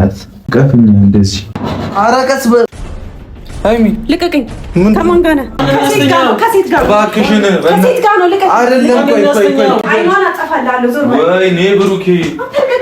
እናት ቀፍኛ እንደዚህ አረቀስ ሀይሚ ልቀቀኝ። ከማን ጋር ነህ? ከሴት ጋር ነው። ከሴት ጋር ነው። እባክሽን ከሴት ጋር ነው። ልቀቀኝ። አይደለም ቆይ ቆይ ቆይ አይኗን አጠፋላለሁ። ዞር በይ። ወይኔ ብሩኬ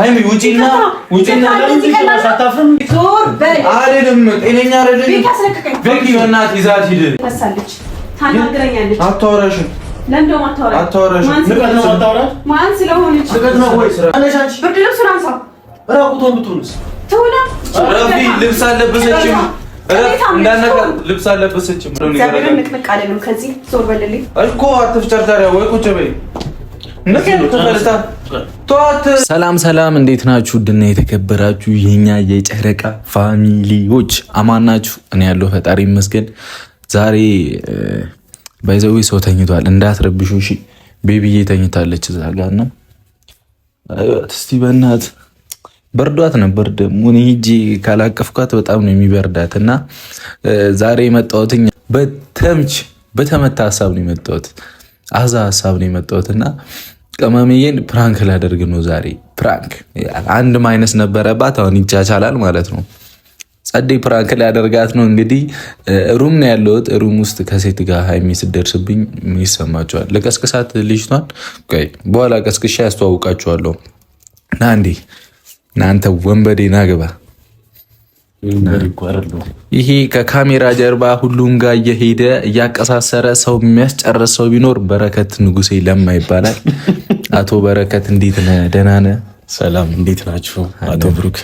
አይም ውጪና ውጪና ሳታፍርም ዞር በል። አይደለም ጤነኛ አይደለም። ቤት አስለቀቀኝ። ይዛት ሂድ። ታናግረኛለች። አታወራሽ ነው አታወራሽ። ማን ነው ወይ? ስራ ብርድ ልብስ ልብስ አለበሰችም ልብስ አለበሰችም። ንቅንቅ ከዚህ ዞር በልልኝ እኮ አትፍጨርጨሪያ ወይ ቁጭ በይ ሰላም ሰላም፣ እንዴት ናችሁ? ድና የተከበራችሁ የኛ የጨረቃ ፋሚሊዎች አማን ናችሁ? እኔ ያለው ፈጣሪ ይመስገን። ዛሬ ባይዘዌ ሰው ተኝቷል፣ እንዳትረብሹ እሺ። ቤቢዬ ተኝታለች እዛ ጋር እና እስቲ በእናትህ በርዷት ነበር ደግሞ እኔ ሂጄ ካላቀፍኳት በጣም ነው የሚበርዳት። እና ዛሬ የመጣሁት በተምች በተመታ ሀሳብ ነው የመጣሁት አዛ ሀሳብ ነው የመጣሁት እና ቅመምዬን ፕራንክ ላደርግ ነው ዛሬ። ፕራንክ አንድ ማይነስ ነበረባት፣ አሁን ይቻቻላል ማለት ነው። ጸዴ ፕራንክ ሊያደርጋት ነው እንግዲህ። ሩም ነው ያለሁት። ሩም ውስጥ ከሴት ጋር ሀይሚ ስደርስብኝ ይሰማቸዋል። ለቀስቅሳት ልጅቷን በኋላ ቀስቅሻ ያስተዋውቃቸዋለሁ። ና እንዴ፣ እናንተ ወንበዴ ናግባ ይሄ ከካሜራ ጀርባ ሁሉም ጋር እየሄደ እያቀሳሰረ ሰው የሚያስጨርስ ሰው ቢኖር በረከት ንጉሴ ለማ ይባላል። አቶ በረከት እንዴት ነህ? ደህና ነህ? ሰላም እንዴት ናችሁ? አቶ ብሩክ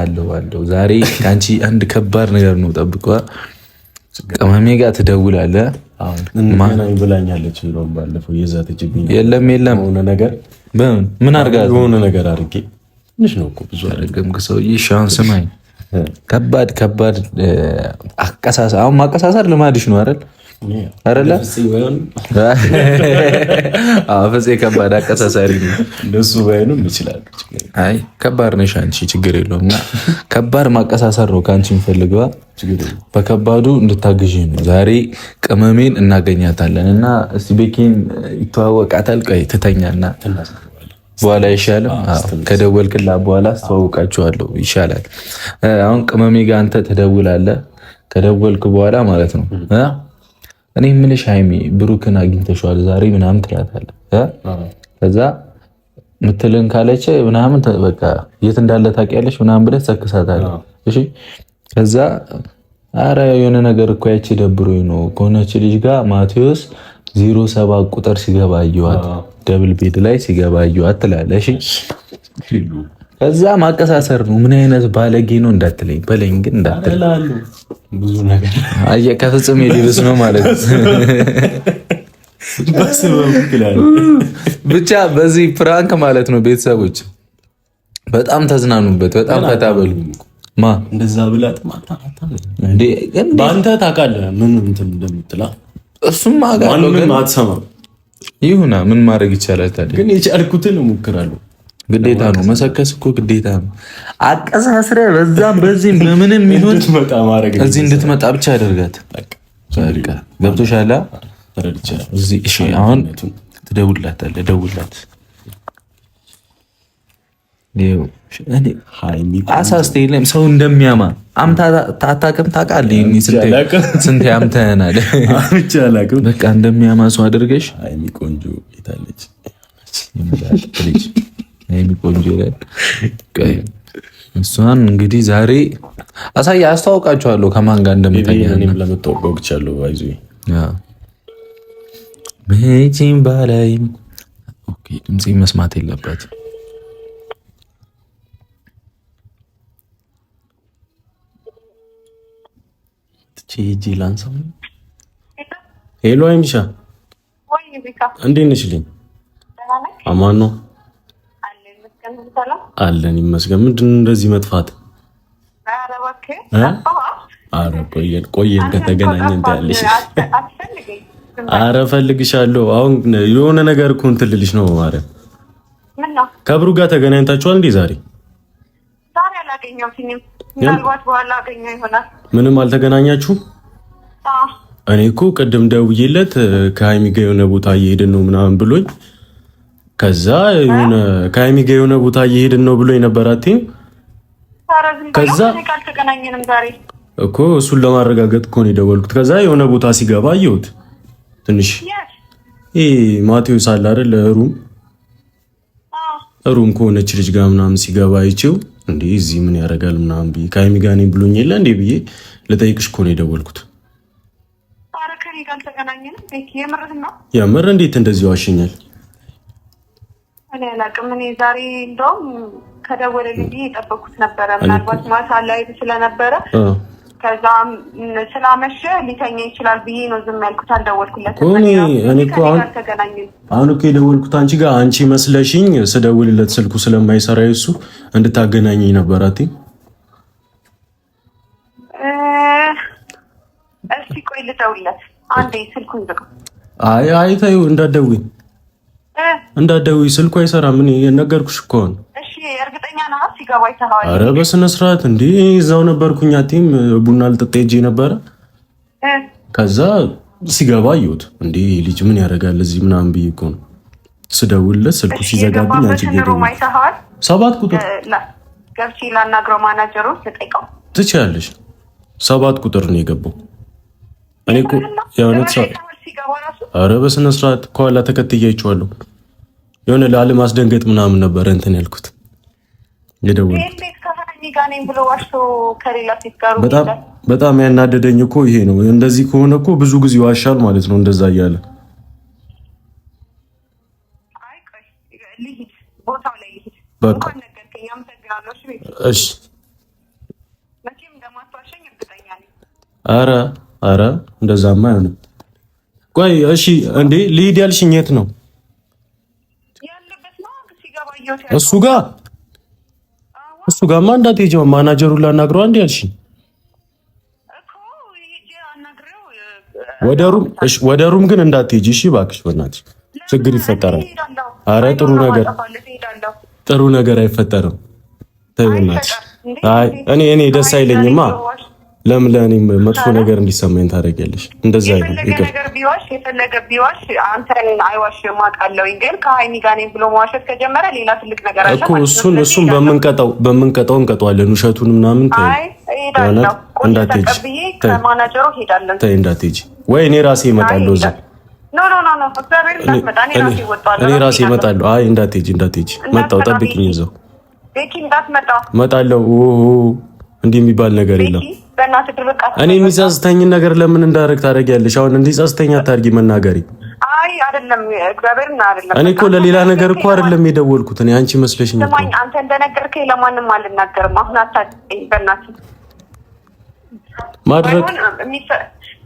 አለው አለው። ዛሬ ከአንቺ አንድ ከባድ ነገር ነው ጠብቀ ቅመሜ ጋር ትደውላለህ። ብላኛለች። እንደውም ባለፈው የዛተችብኝ የለም የለም ሆነ ነገር ምን አድርጋ ሆነ ነገር አርጌ ትንሽ ነው ብዙ አደረገም ሰውዬ ሻን ስማኝ ከባድ ከባድ አቀሳሰር። አሁን ማቀሳሰር ልማድሽ ነው አይደል? አይደለ? ፍፄ ከባድ አቀሳሳሪ ነው። እንደሱ ባይሆንም ይችላል። አይ ከባድ ነሽ አንቺ፣ ችግር የለውም። እና ከባድ ማቀሳሰር ነው ከአንቺ የሚፈልገዋ። በከባዱ እንድታግዥ ነው። ዛሬ ቅመሜን እናገኛታለን እና እስቲ ቤኪን ይተዋወቃታል። ቆይ ትተኛና በኋላ ይሻልም ከደወልክላ በኋላ አስተዋውቃችኋለሁ። ይሻላል። አሁን ቅመሜ ጋር አንተ ትደውላለህ። ከደወልክ በኋላ ማለት ነው። እኔ የምልሽ ሀይሚ ብሩክን አግኝተሸዋል ዛሬ ምናምን ትላታለህ። ከዛ ምትልን ካለች ምናምን በቃ የት እንዳለ ታውቂያለሽ ምናምን ብለህ ትሰክሳታለህ። እሺ ከዛ አረ የሆነ ነገር እኮ ያቺ ደብሮኝ ነው ከሆነች ልጅ ጋር ማቴዎስ ዜሮ ሰባት ቁጥር ሲገባ ደብል ቤድ ላይ ሲገባ አየኋት ትላለሽ። ከዛ ማቀሳሰር ነው። ምን አይነት ባለጌ ነው እንዳትለኝ በለኝ፣ ግን እንዳትለኝ ብዙ ነገር ከፍጹም ነው ማለት ብቻ በዚህ ፕራንክ ማለት ነው። ቤተሰቦች በጣም ተዝናኑበት፣ በጣም ፈታ በሉ። ማ እንደዛ ብላት በአንተ ታውቃለህ ምን እንትን እንደምትላ እሱም ማንም አትሰማም። ይሁና ምን ማድረግ ይቻላል ታዲያ። ግን የቻልኩትን እሞክራለሁ። ግዴታ ነው መሰከስ እኮ ግዴታ ነው። አቀሳስረ በዛም በዚህም በምንም ይሁን እዚህ እንድትመጣ ብቻ ያደርጋት። ገብቶሻል? አሁን ትደውልላታለህ። ደውላት አሳስቴ የለም ሰው እንደሚያማ አምታ አታውቅም። ታውቃለህ ስንቴ አምተህናል። በቃ እንደሚያማ ሰው አድርገሽ ቆንጆ ይታለች የታለች ቆንጆ ይላል እሷን እንግዲህ ዛሬ አሳይ አስተዋውቃችኋለሁ ከማን ጋር እንደምተኛ ለመታወቅቻለሁ። ይዞ መቼም ባላይም ድምፄ መስማት የለባትም እስኪ ሂጂ ላንሳው። ሄሎ አይምሻ፣ እንዴት ነሽ? ልኝ አማን ነው አለን ይመስገን። ምንድን ነው እንደዚህ መጥፋት? አረ ቆየን ቆየን ከተገናኘን ታያለሽ። አረ ፈልግሻለሁ። አሁን የሆነ ነገር እኮ እንትን ልልሽ ነው። ማረ ከብሩ ጋር ተገናኝታችኋል እንዴ ዛሬ? ዛሬ አላገኘሁትም ምናልባት በኋላ አገኘው ይሆናል። ምንም አልተገናኛችሁ? እኔ እኮ ቅድም ደውዬለት ከሀይሚ ጋ የሆነ ቦታ እየሄድን ነው ምናምን ብሎኝ ከዛ የሆነ ከሀይሚ ጋ የሆነ ቦታ እየሄድን ነው ብሎኝ ነበር። አትይም? ከዛ እኮ እሱን ለማረጋገጥ እኮ ነው የደወልኩት። ከዛ የሆነ ቦታ ሲገባ አየሁት። ትንሽ ይህ ማቴዎስ አለ አይደል? ሩም ሩም ከሆነች ልጅ ጋር ምናምን ሲገባ አይቼው እንዴ እዚህ ምን ያደርጋል ምናምን ብዬ ከሀይሚ ጋር እኔ ብሎኝ የለ እንዴ ብዬ ልጠይቅሽ እኮ ነው የደወልኩት። የምር እንዴት እንደዚህ ዋሸኛል? እኔ ዛሬ እንደውም ከደወለ ልጅ የጠበኩት ነበረ፣ ምናልባት ማሳ ላይ ስለነበረ ከዛም ስላመሸ ሊተኛ ይችላል ብዬ ነው ዝም ያልኩት። አልደወልኩለትም። አሁን እኮ የደወልኩት አንቺ ጋር አንቺ መስለሽኝ ስደውልለት ስልኩ ስለማይሰራ እሱ እንድታገናኝ ነበር። አቴ እስቲ ቆይ ልደውልለት አንዴ። ስልኩን ዝቅ አይ፣ አይታዩ እንዳትደውይ፣ እንዳትደውይ ስልኩ አይሰራም። እኔ ነገርኩሽ እኮ ነው አረ በስነ ስርዓት እንዴ! እዛው ነበርኩኝ። አቴም ቡና ልጠጣ ሄጄ ነበረ። ከዛ ሲገባ አየሁት። እንዴ ልጅ ምን ያደርጋል እዚህ ምናምን ብዬ እኮ ነው ስደውልለት፣ ስልኩ ሲዘጋብኝ አንቺ ሰባት ቁጥር ገብቼ ላናግረው ማናጀሩን ስጠይቀው ትችያለሽ። ሰባት ቁጥር ነው የገባው። እኔ እኮ የእውነት ሰ ኧረ በስነ ስርዓት ከኋላ ተከትያችኋለሁ። የሆነ ለዓለም አስደንገጥ ምናምን ነበረ እንትን ያልኩት በጣም ያናደደኝ እኮ ይሄ ነው። እንደዚህ ከሆነ እኮ ብዙ ጊዜ ይዋሻል ማለት ነው። እንደዛ እያለ አረ አረ እንደዛማ አይሆንም። ቆይ እሺ፣ እንዴ ልሂድ ያልሽኝ የት ነው? እሱ ጋር እሱ ጋማ እንዳትሄጂ ማናጀሩን ላናግረው አንድ ያልሽ ወደ ሩም እሺ፣ ወደ ሩም ግን እንዳትሄጂ እሺ፣ እባክሽ በእናትሽ ችግር ይፈጠራል። አረ ጥሩ ነገር ጥሩ ነገር አይፈጠርም። ተይ በእናትሽ። አይ እኔ እኔ ደስ አይለኝማ ለምን ለእኔም መጥፎ ነገር እንዲሰማኝ ታደርጊያለሽ? እንደዛ አይደለም። ነገር ቢዋሽ የፈለገ ቢዋሽ አንተ አይዋሽ ማቃለው ግን ከሀይሚ ጋር ነኝ ብሎ መዋሸት ከጀመረ ሌላ ትልቅ ነገር አለ እኮ። እሱን እሱን በምንቀጠው በምንቀጠው እንቀጠዋለን። ውሸቱን ምናምን ተይ፣ እንዳትሄጂ ከማናጀሩ ሄዳለን። ተይ፣ እንዳትሄጂ ወይ እኔ ራሴ እመጣለሁ እዛ እኔ ራሴ እመጣለሁ። አይ እንዳትሄጂ፣ እንዳትሄጂ፣ መጣሁ ጠብቂኝ። እዛው ቤኪ እመጣለሁ። እንዲህ የሚባል ነገር የለም እኔ የሚጸጽተኝን ነገር ለምን እንዳደርግ ታደርጊያለሽ? አሁን እንዲጸጽተኝ አታድርጊ መናገሪ። እኔ እኮ ለሌላ ነገር እኮ አይደለም የደወልኩት። እኔ አንቺ መስለሽኝ እኮ አንተ እንደነገርከኝ ለማንም አልናገርም። አሁን አታድርጊኝ፣ በእናትህ ማድረግ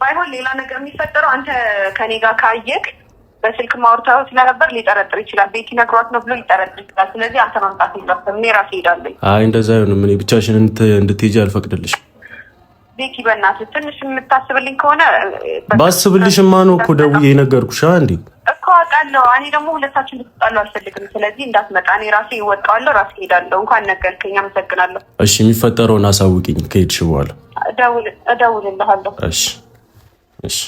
ባይሆን ሌላ ነገር የሚፈጠረው አንተ ከኔ ጋር ካየክ በስልክ ማውርታው ስለነበር ሊጠረጥር ይችላል። ቤቲ ነግሯት ነው ብሎ ሊጠረጥር ይችላል። ስለዚህ አንተ መምጣት የለብህም። እኔ ራሴ እሄዳለሁ። አይ እንደዛ አይሆንም። እኔ ብቻሽን እንድትሄጂ አልፈቅድልሽም። ቤኪ በእናት ትንሽ የምታስብልኝ ከሆነ ባስብልሽማ ነው እኮ ደውዬ የነገርኩሽ። እንዴ እኮ አውቃለሁ። እኔ ደግሞ ሁለታችን ልትጣሉ አልፈልግም። ስለዚህ እንዳትመጣ እኔ ራሴ እወጣዋለሁ፣ ራሴ እሄዳለሁ። እንኳን ነገርከኝ፣ አመሰግናለሁ። እሺ፣ የሚፈጠረውን አሳውቅኝ ከሄድሽ በኋላ። እደውልልሃለሁ። እሺ፣ እሺ፣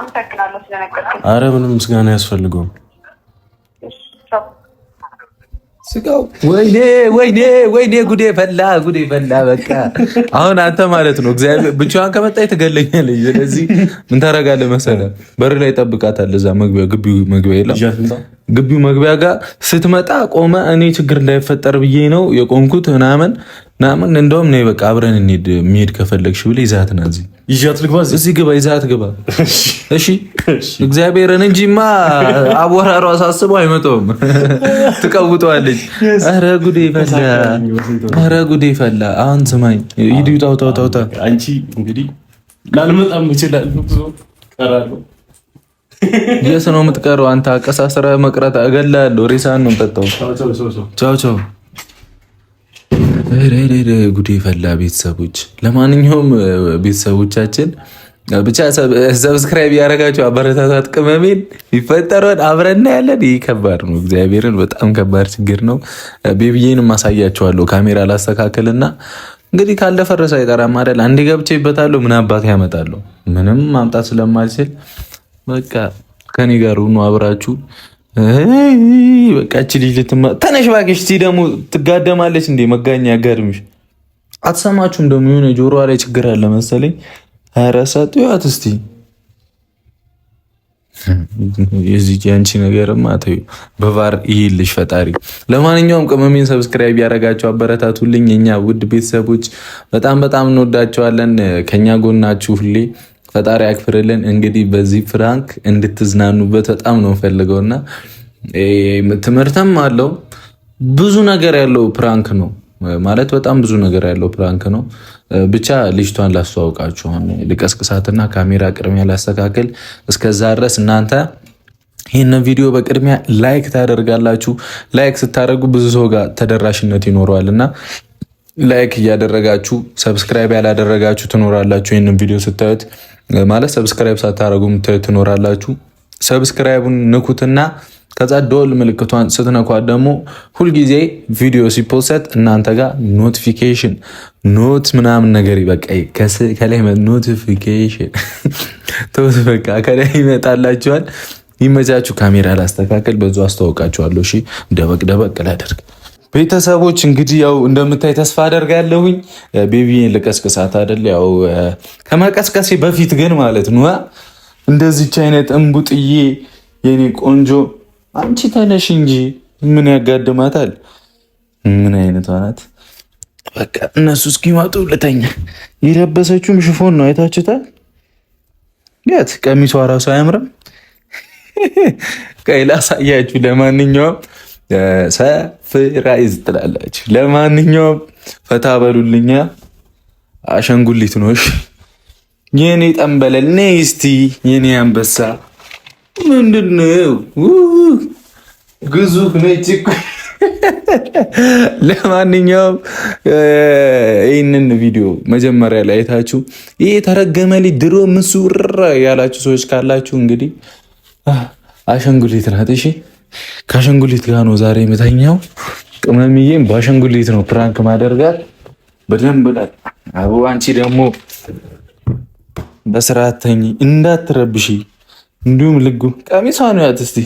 አመሰግናለሁ ስለነገርከኝ። አረ ምንም ምስጋና አያስፈልገውም። ወይኔ ወይኔ ወይኔ ጉዴ ፈላ ጉዴ ፈላ። በቃ አሁን አንተ ማለት ነው እግዚአብሔር ብቻዋን ከመጣ ትገለኛለች። ስለዚህ ምን ታደርጋለህ መሰለህ፣ በር ላይ ጠብቃታለህ። እዛ መግቢያ ግቢው መግቢያ የለም ግቢው መግቢያ ጋር ስትመጣ ቆመ። እኔ ችግር እንዳይፈጠር ብዬ ነው የቆምኩት ምናምን ምናምን። እንደውም ነይ በቃ አብረን እንሂድ፣ የሚሄድ ከፈለግሽ ብለህ ይዛትና እዚህ ይዣት ልግባ እዚህ ግባ ይዛት ግባ። እሺ እግዚአብሔርን እንጂማ አወራሯ ሳስበው አይመጣውም። ትቀውጠዋለች። ኧረ ጉዴ ፈላ፣ ኧረ ጉዴ ፈላ። አሁን ስማኝ ሂድ ውጣ፣ ውጣ፣ ውጣ፣ አንቺ እንግዲህ ላልመጣም እችላለሁ፣ ቀራለሁ። የት ነው የምትቀረው አንተ? አቀሳስረህ መቅረት እገላለሁ። ሬሳን ነው የምጠጣው። ቻው ቻው ጉዴ ፈላ። ቤተሰቦች ለማንኛውም ቤተሰቦቻችን ብቻ ሰብስክራይብ ያደረጋቸው አበረታታት ቅመሜን ይፈጠረን አብረና ያለን ይህ ከባድ ነው። እግዚአብሔርን በጣም ከባድ ችግር ነው። ቤብዬንም ማሳያቸዋለሁ። ካሜራ ላስተካክልና እንግዲህ ካልደፈረሰ አይቀራም አይደል? አንዴ ገብቼበታለሁ። ምን አባት ያመጣለሁ? ምንም ማምጣት ስለማልችል በቃ ከኔ ጋር ሁኑ አብራችሁ በቃ እቺ ልጅ ተነሽ እባክሽ። እስኪ ደግሞ ትጋደማለች እንዴ መጋኛ ያጋድምሽ። አትሰማችሁም? ደግሞ የሆነ ጆሮ ላይ ችግር አለ መሰለኝ። አራሳት ያት እስቲ የዚህ አንቺ ነገርማ ተይው፣ በቫር ይይልሽ ፈጣሪ። ለማንኛውም ቅመሜን ሰብስክራይብ ያደረጋቸው አበረታቱልኝ። የኛ ውድ ቤተሰቦች በጣም በጣም እንወዳቸዋለን። ከኛ ጎናችሁ ሁሌ ፈጣሪ አክፍርልን እንግዲህ በዚህ ፕራንክ እንድትዝናኑበት በጣም ነው ፈልገው እና ትምህርትም አለው ብዙ ነገር ያለው ፕራንክ ነው ማለት በጣም ብዙ ነገር ያለው ፕራንክ ነው። ብቻ ልጅቷን ላስተዋውቃችሁ ልቀስቅሳትና ካሜራ ቅድሚያ ላስተካክል። እስከዛ ድረስ እናንተ ይህንን ቪዲዮ በቅድሚያ ላይክ ታደርጋላችሁ። ላይክ ስታደርጉ ብዙ ሰው ጋር ተደራሽነት ይኖረዋል እና ላይክ እያደረጋችሁ ሰብስክራይብ ያላደረጋችሁ ትኖራላችሁ። ይህንን ቪዲዮ ስታዩት ማለት ሰብስክራይብ ሳታደረጉ የምታዩት ትኖራላችሁ። ሰብስክራይቡን ንኩትና ከዛ ዶል ምልክቷን ስትነኳት ደግሞ ሁልጊዜ ቪዲዮ ሲፖሰት እናንተ ጋር ኖቲፊኬሽን ኖት ምናምን ነገር ይበቃይ ከላይ ኖቲፊኬሽን ተውት፣ በቃ ከላይ ይመጣላችኋል። ይመቻችሁ። ካሜራ ላስተካከል፣ በዙ አስተዋውቃችኋለሁ። እሺ፣ ደበቅ ደበቅ ላደርግ ቤተሰቦች እንግዲህ ያው እንደምታይ ተስፋ አደርጋለሁኝ። ቤቢዬን ልቀስቅሳት አይደል? ያው ከመቀስቀሴ በፊት ግን ማለት ነው እንደዚች አይነት እንቡጥዬ የኔ ቆንጆ አንቺ ተነሽ እንጂ ምን ያጋድማታል? ምን አይነት ናት? በቃ እነሱ እስኪመጡ ልተኛ። የለበሰችውም ሽፎን ነው አይታችሁታል። የት ቀሚሷ ራሱ አያምርም? ቀይ ላሳያችሁ። ለማንኛውም ሰፍራይዝ ትላላችሁ። ለማንኛውም ፈታ በሉልኛ። አሸንጉሊት ነሽ የኔ ጠንበለል ነ እስቲ የኔ አንበሳ ምንድነው? ግዙፍ ነች ለማንኛውም ይህንን ቪዲዮ መጀመሪያ ላይ አይታችሁ ይህ የተረገመ ልጅ ድሮ ምሱር ያላችሁ ሰዎች ካላችሁ እንግዲህ አሸንጉሊት ናት። እሺ ከአሸንጉሊት ጋር ነው ዛሬ የምተኛው። ቅመምዬም በአሸንጉሊት ነው ፕራንክ ማደርጋት በደንብ ናት። አቡ አንቺ ደግሞ በስርዓት ተኝ እንዳትረብሺ። እንዲሁም ልጉ ቀሚሷ ነው ያት እስቲ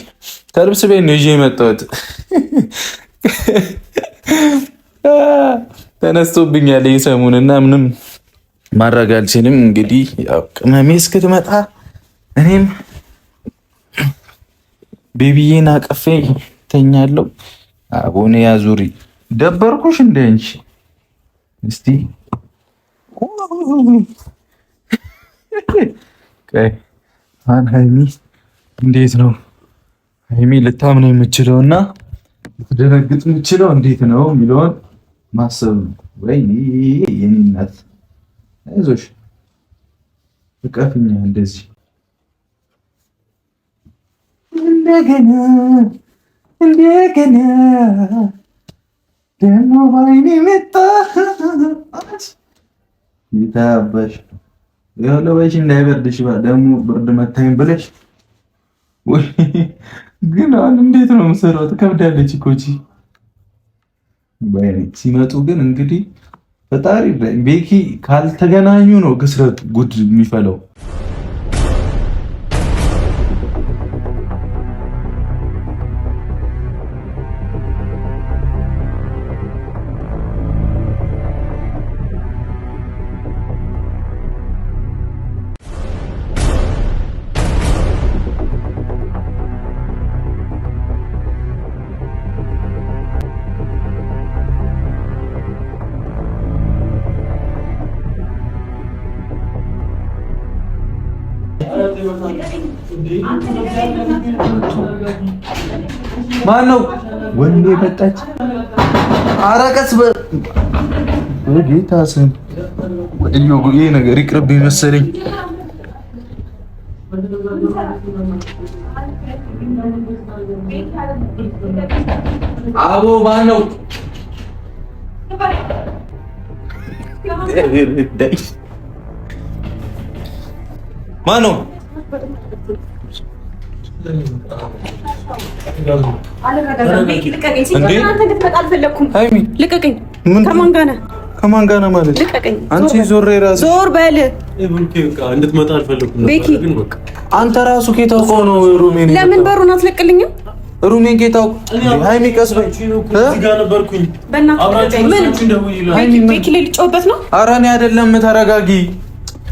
ከልብስ ቤት ነው ይዤ የመጣሁት ተነስቶብኛል ይህ ሰሙን እና ምንም ማድረግ አልችልም። እንግዲህ ቅመሜ እስክትመጣ እኔም ቤቢዬን አቀፌ ተኛለው። አቦኔ ያዙሪ ደበርኩሽ እንደ አንቺ እስቲ አን ሀይሚ እንዴት ነው ሀይሚ ልታምነው የምችለው እና ልትደነግጥ የምችለው እንዴት ነው የሚለውን ማሰብ ነው። ወይ የኔ እናት አይዞሽ እቀፍኛ እንደዚህ እንደገና እንደገና ደግሞ ባይኔ መጣች ይታበሽ የለበሽ እንዳይበርድሽ ደግሞ ብርድ መታኝ ብለሽ ግን አሁን እንዴት ነው የምሰራው? ትከብዳለች እኮ እቺ። ሲመጡ ግን እንግዲህ ፈጣሪ ቤኪ ካልተገናኙ ነው ክስረት ጉድ የሚፈለው። ማን ነው ወንዱ የመጣች? አረቀስ በጌታ ስም ይሄ ነገር ይቅርብኝ መሰለኝ። አቦ ማን ነው? ማን ነው? ልቀቀኝ። ከማን ጋር ነህ? ከማን ጋር ነህ ማለት አንቺ ዞር እራስህ ዞር በል። እንድትመጣ አልፈለኩም። ቤኪ አንተ ራሱ ኬታ እኮ ነው። ሩሜን ለምን በሩን አትለቅልኝም? ሩሜን ጌታ ሃይሚ ቀስ በይ። በእናትህ ምን ቤኪ ልጮህበት ነው? ኧረ እኔ አይደለም ተረጋጊ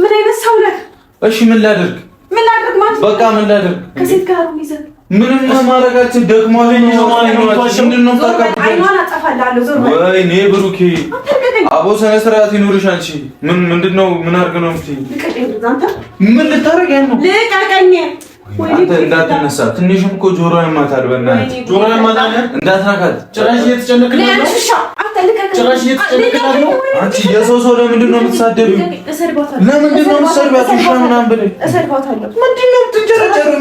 ምን አይነት ሰው ነህ? እሺ ምን ላድርግ? ምን ላድርግ ማለት በቃ ምን ላድርግ? ከሴት ጋር ነው ይዘን ምንም ማድረጋችን ደግሞ አለኝ ነው ማለት ነው። ምንድን ነው ብሩኬ? አቦ ስነ ስርዓት ይኑርሽ። አንቺ ምን ምንድን ነው ምን አድርግ ነው የምትይኝ? ምን ልታረግ ያን ነው? ልቀቀኝ። አንተ እንዳትነሳ ትንሽም እኮ ጆሮ ያማታል። በእናትህ ጆሮ ያማታል። እንዳትነካት ጭራሽ እየተጨነቅን ነው አንቺ የሰው ሰው ለምንድን ነው የምትሳደብ ለምንድን ነው የምትሰድቢያት? ውሻ ምናምን ብለሽ ምንድን ነው የምትንጨረጨር? እዚህ ጋር ተኝ።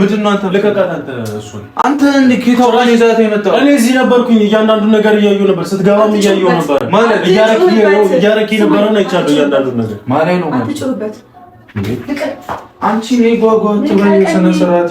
ምንድን ነው አንተ? ልቀቃት አንተ። እሱን አንተ ይዛት የመጣው? እኔ እዚህ ነበርኩኝ። እያንዳንዱን ነገር እያየሁ ነበር። ስትገባም እያየሁ ነበር ማለት እያረኪ እያንዳንዱን ነገር ማለት ነው አንቺ ጓጓ ትበይ። ስነ ስርዓት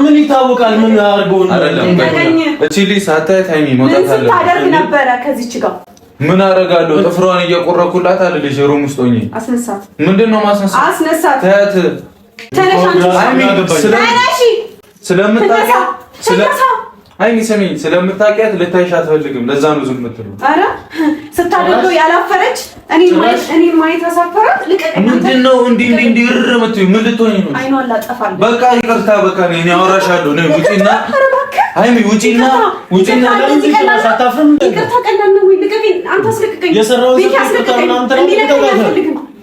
ምን ይታወቃል? ምን አድርገው ታደርግ ነበረ? ከዚች ጋር ምን አደርጋለሁ? ጥፍሯን እየቆረኩላት አልልሽ። ሩም ውስጥ ሆኜ አስነሳት። ምንድን ነው ማስነሳት? አስነሳት ስለምታ አይኒ ስሚ፣ ስለምታውቂያት ልታይሽ አትፈልግም። ለዛ ነው ዝም ምትሉ። አረ ስታደርገው ያላፈረች እኔ ማየት እኔ ማየት አሳፈራት። ልቀቅ። ምንድን ነው እንዲህ እንዲህ እንዲህ እርር የምትይው? ምን ልትሆኚ ነው? አይኗን አላጠፋል። በቃ ይቅርታ፣ በቃ እኔ አወራሻለሁ። ነው ውጪና፣ አይኒ ምን ውጪና፣ ውጪና። ለምን ሳታፍርም? ይቅርታ፣ ቀላል ነው ወይ? ልቀቅ። አንተ አስለቅቀኝ። የሰራው ይቅርታ ነው። አንተ ነው ልቀቅ።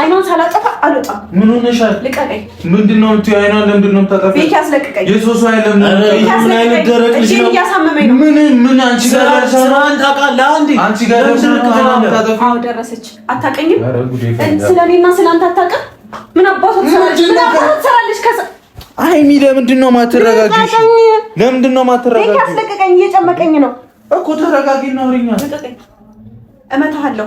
አይኗን ሳላጠፋ አልወጣም። ምን ሆነሻል? ልቀቀኝ። ምንድን ነው የምትይው? አይኗን ለምንድን ነው የምታጠፋው? ቤት ያስለቅቀኝ። የሶሱ አይለም ነው ደረቅ ልጅ ነው። ምን ምን አንቺ ጋር ደረሰች። አታውቀኝም። ስለ እኔና ስለ አንተ አታውቅም። ምን አባቷ ትሰራለች? ሀይሚ ለምንድን ነው የማትረጋጊው? ለምንድን ነው የማትረጋጊው? ቤት ያስለቅቀኝ። እየጨመቀኝ ነው እኮ ተረጋጊ እና አውሪኝ። እመታሃለሁ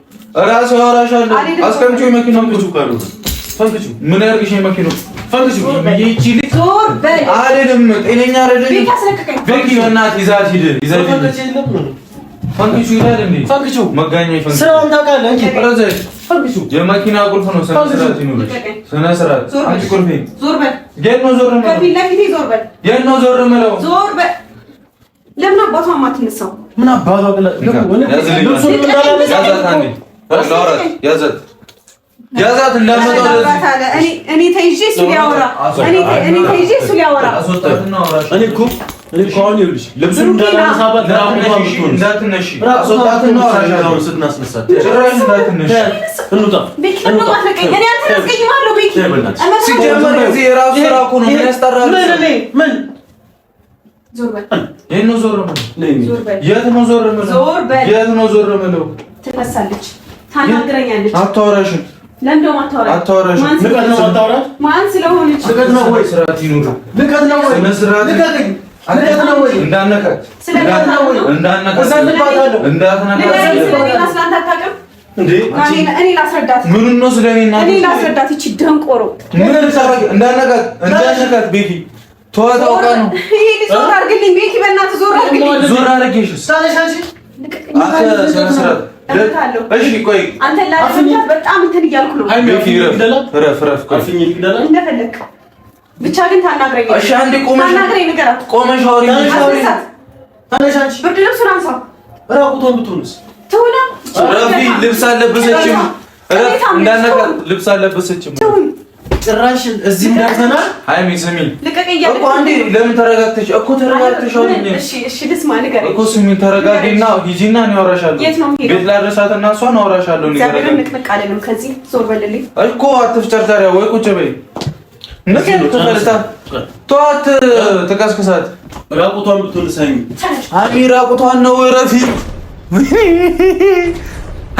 ራሱ አወራሻለሁ። አስቀምጪው የመኪናውን ቁጭ ካሉ ፈንክቹ ምን ያርግሽ? የመኪናው ፈንክቹ ይቺ ልጅ አይደለም ጤነኛ አይደለም። ቤኪ በእናትህ ይዛት ሂድ፣ ይዛት ሂድ። ፈንክቹ ይላል እንዴ? ፈንክቹ መጋኛ ፈንክቹ ስራውን ታውቃለህ እንጂ ረዘሽ ፈንክቹ የመኪና ቁልፍ ነው። ስነ ስርዓት ይኑር፣ ስነ ስርዓት አንቺ ቁልፍ ዞር በል። የት ነው ዞር የምለው? ከፊት ለፊቴ ዞር በል። የት ነው ዞር የምለው? ዞር በል። ለምን አባቷ ማትነሳው? ምን አባቷ ያዛት ያዛት እንዳመጣው እኔ ተይዤ ዞር የምለው ዞር የምለው ትነሳለች ታናግረኛለች። አታወራሽም። ለምን ደግሞ አታወራሽም? አታወራሽም። ንቀት ነው አታወራሽ። ማን ስለሆነች ንቀት ነው ወይ? ስርዓት ይኑር። ንቀት ነው ወይ? ስርዓት ንቀት እንዳነካት እንዳትነካት እንዴ እኔ ላስረዳት። ምኑን ነው ስለ እኔ እናት? እኔ ላስረዳት። ይቺ ደንቆሮ ምን ልታረግ? እንዳነካት እንዳነካት ቤቲ ተዋታውቃ ነው። ይሄ ዞር አድርግልኝ ቤቲ፣ በእናትህ ዞር አድርግልኝ። ዞር አድርጌሽ እሺ አንተ በጣም እንትን እያልኩ ነው። ግን ታናግረኝ። ልብስ አለበሰችም። ልብስ አለበሰችም ጭራሽ እዚህ ደርሰና ሃይሚ ስሚ እኮ አንዴ ለምን ተረጋግተሽ እኮ ተረጋግተሽ አውሪኝ እኮ ስሚ ተረጋጊና ሂጂና እኔ አወራሻለሁ ቤት ላድረሳትና እሷን አወራሻለሁ እኮ አትፍጨርጨሪያ ወይ ቁጭ በይ ተዋት ተቀስቅሳት ራቁቷን ብትወልሳኝ ሀይሚ ራቁቷን ነው ረፊ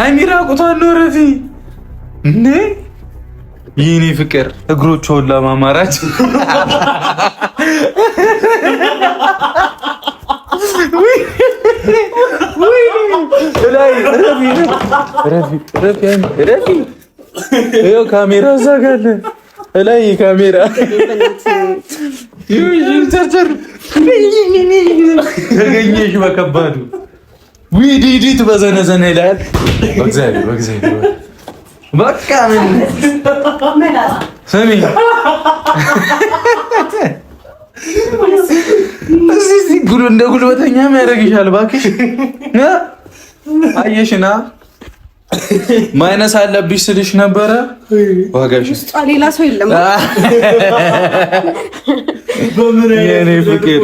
ሀይሚ ራቁቷን ነው ረፊ እንዴ ይህኔ ፍቅር እግሮቿን ለማማራጭ ካሜራ እዛ ጋር አለ። እላይ ካሜራ ተገኘሽ በከባዱ ዲዲት በዘነዘነ ይላል። በእግዚአብሔር በእግዚአብሔር በቃ ምን ስሚ፣ እዚህ እንደ ጉልበተኛ እባክሽ አየሽና ማይነስ አለብሽ ስልሽ ነበረ። ዋጋሽ ሌላ ሰው የለም። የኔ ፍቅር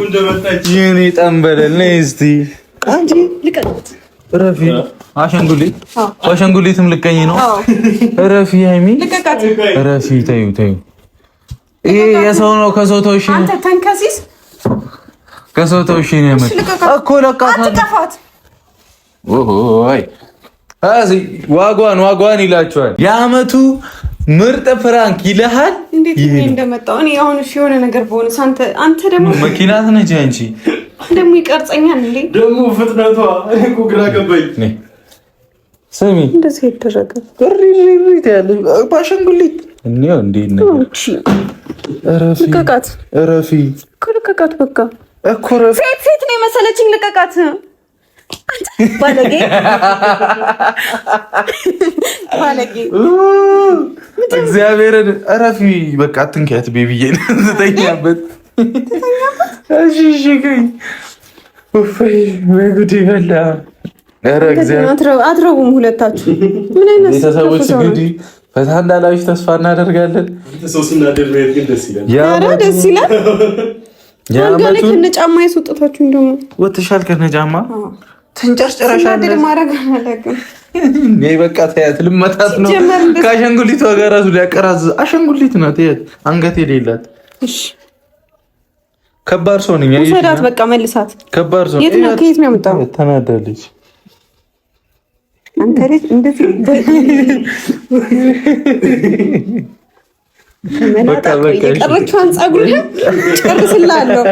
የኔ ጠንበለል ነይ አንቺ አሸንጉሊት አሸንጉሊትም ልቀኝ ነው። እረፊ ሃይሚ እረፊ። ተዩ ተዩ። ይሄ የሰው ነው። ከሰው ተውሽ አንተ ተንከሲስ ከሰው ተውሽ ነው እኮ ዋጓን ዋጓን ይላቸዋል። የአመቱ ምርጥ ፍራንክ ይልሃል። እንዴት እንደመጣሁ እኔ አሁን እሺ፣ የሆነ ነገር በሆነ ሳንተ አንተ ደግሞ መኪና ትነጂ አንቺ ደግሞ ይቀርጸኛል እንዴ ደግሞ ፍጥነቷ እኮ ግራ ገባኝ። ስሚ እንደዚህ ይደረገ ባሸንጉሊት ልቀቃት፣ እረፊ እኮ ልቀቃት። በቃ እኮ ሴት ሴት ነው የመሰለችኝ። ልቀቃት ባለጌ ባለጌ። እግዚአብሔርን እረፊ በቃ አትንኪያት። ቤቢዬ ተተኛበት ተተኛበት። እሺ እሺ፣ ወይ ጉድ ይበላ አትረቡም ሁለታችሁ። ምን አይነት ቤተሰቦች እንግዲህ ፈታ እንዳላችሁ ተስፋ እናደርጋለን። ደስ ይላል። ጋላይ ከነጫማ ያስወጣታችሁ ደግሞ ወተሻል። ከነጫማ ተንጨርጨራሻለሽ። ማድረግ በቃ ተያት። ልመታት ነው ከአሸንጉሊቷ ጋር ዙ ሊያቀራዝ አሸንጉሊት ናት። ያት አንገት የሌላት ከባድ ሰው ነኝ። በቃ መልሳት። ከባድ ሰው ከየት ነው ያመጣው? ተናዳለች አንተ ልጅ እንደዚህ የቀረችዋን ፀጉርህን ጨርስላለሁ።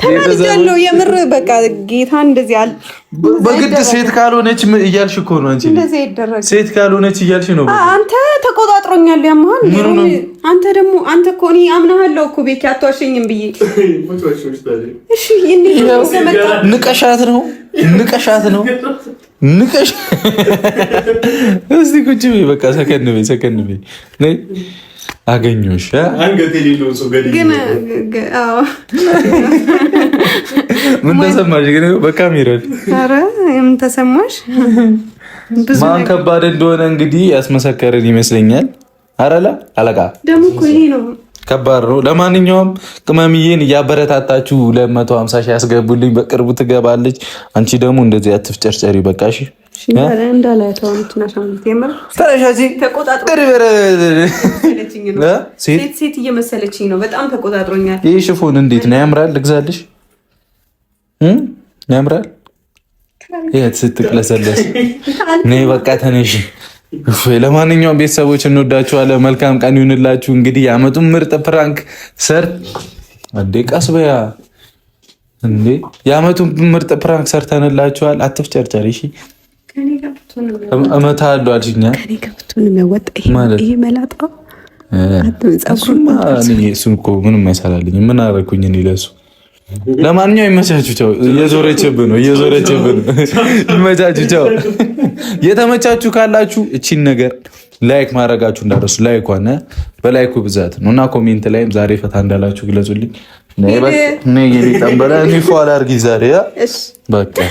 ተናድጃለሁ። የምር በቃ ጌታ እንደዚህ በግድ ሴት ካልሆነች እያልሽ እኮ ነው አንቺ። እንደዚህ አይደረግም። ሴት ካልሆነች እያልሽ ነው። አንተ ተቆጣጥሮኛል። ያማል አንተ ደግሞ አንተ እኮ እኔ አምናሃለሁ እኮ ቤት አትዋሸኝም ብዬ ንቀሻት ነው ንቀሻት ነው ንቀሽ እስቲ ቁጭ በይ። በቃ ሰከን በይ፣ ሰከን በይ። አገኘሁሽ። ምን ተሰማሽ ግን በካሜራ ምን ተሰማሽ? ማን ከባድ እንደሆነ እንግዲህ ያስመሰከርን ይመስለኛል። አረላ አለቃ ደግሞ እኮ ይሄ ነው ከባድ ነው። ለማንኛውም ቅመምዬን እያበረታታችሁ ለመቶ ሀምሳ ሺህ ያስገቡልኝ። በቅርቡ ትገባለች። አንቺ ደግሞ እንደዚህ አትፍጨርጨሪ በቃ እሺ። ይህ ሽፎን እንዴት ነው? ያምራል። ልግዛልሽ። ያምራል። የት ስትቅለሰለስ እኔ በቃ ተነሽ ለማንኛውም ቤተሰቦች እንወዳችኋለን። መልካም ቀን ይሁንላችሁ። እንግዲህ የአመቱን ምርጥ ፕራንክ ሰር እንዴ ቀስ በያ እንዴ የአመቱን ምርጥ ፕራንክ ሰርተንላችኋል። አትፍጨርጨር እሺ። እመታ አሉ አልሽኛ እሱን እኮ ምንም አይሰራልኝ። ምን አደረኩኝ እኔ ለእሱ ለማንኛውም ይመቻችሁ። ቻው። እየዞረችብህ ነው፣ እየዞረችብ ነው። ይመቻችሁ። ቻው። የተመቻችሁ ካላችሁ እቺን ነገር ላይክ ማድረጋችሁ እንዳደረሱ ላይክ ሆነ በላይኩ ብዛት ነው እና ኮሜንት ላይም ዛሬ ፈታ እንዳላችሁ ግለጹልኝ። ጠንበላ ኒፎ አላርጊ ዛሬ በቃ